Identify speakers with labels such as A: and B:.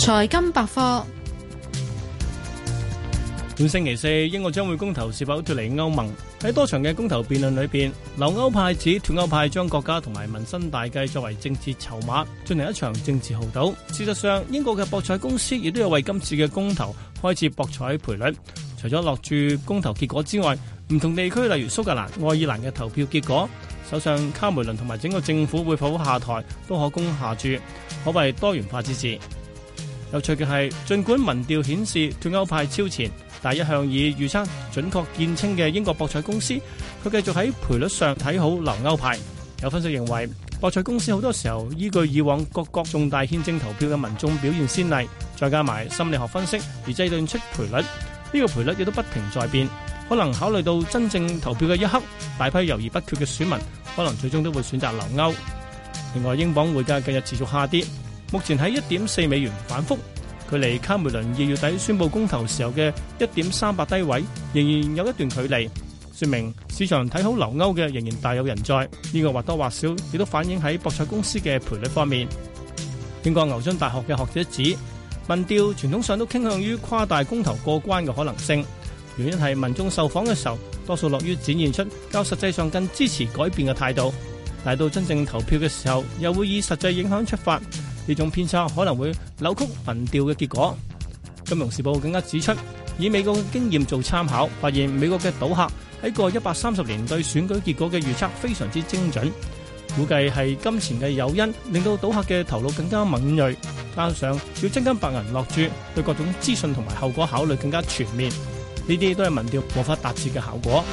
A: 財金百科。本星期四，英國將會公投是否脫離歐盟。喺多場嘅公投辯論裏邊，留歐派指脫歐派將國家同埋民生大計作為政治籌碼，進行一場政治豪賭。事實上，英國嘅博彩公司亦都有為今次嘅公投開設博彩賠率。除咗落注公投結果之外，唔同地區，例如蘇格蘭、愛爾蘭嘅投票結果，首相卡梅倫同埋整個政府會否下台，都可供下注，可謂多元化之至。有趣嘅係，儘管民調顯示脫歐派超前，但一向以預測準確見稱嘅英國博彩公司，佢繼續喺賠率上睇好留歐派。有分析認為，博彩公司好多時候依據以往各國重大憲政投票嘅民眾表現先例，再加埋心理學分析而制定出賠率。呢個賠率亦都不停在變，可能考慮到真正投票嘅一刻，大批猶豫不決嘅選民可能最終都會選擇留歐。另外，英鎊匯價近日持續下跌。目前喺一點四美元反覆，距離卡梅倫二月底宣布公投時候嘅一點三八低位仍然有一段距離，說明市場睇好留歐嘅仍然大有人在。呢個或多或少亦都反映喺博彩公司嘅賠率方面。英國牛津大學嘅學者指，民調傳統上都傾向於誇大公投過關嘅可能性，原因係民眾受訪嘅時候多數樂於展現出較實際上更支持改變嘅態度，但到真正投票嘅時候又會以實際影響出發。呢種偏差可能會扭曲民調嘅結果。金融時報更加指出，以美國嘅經驗做參考，發現美國嘅賭客喺過一百三十年對選舉結果嘅預測非常之精準。估計係金錢嘅誘因令到賭客嘅頭腦更加敏鋭，加上要真金白銀落注，對各種資訊同埋後果考慮更加全面。呢啲都係民調無法達至嘅效果。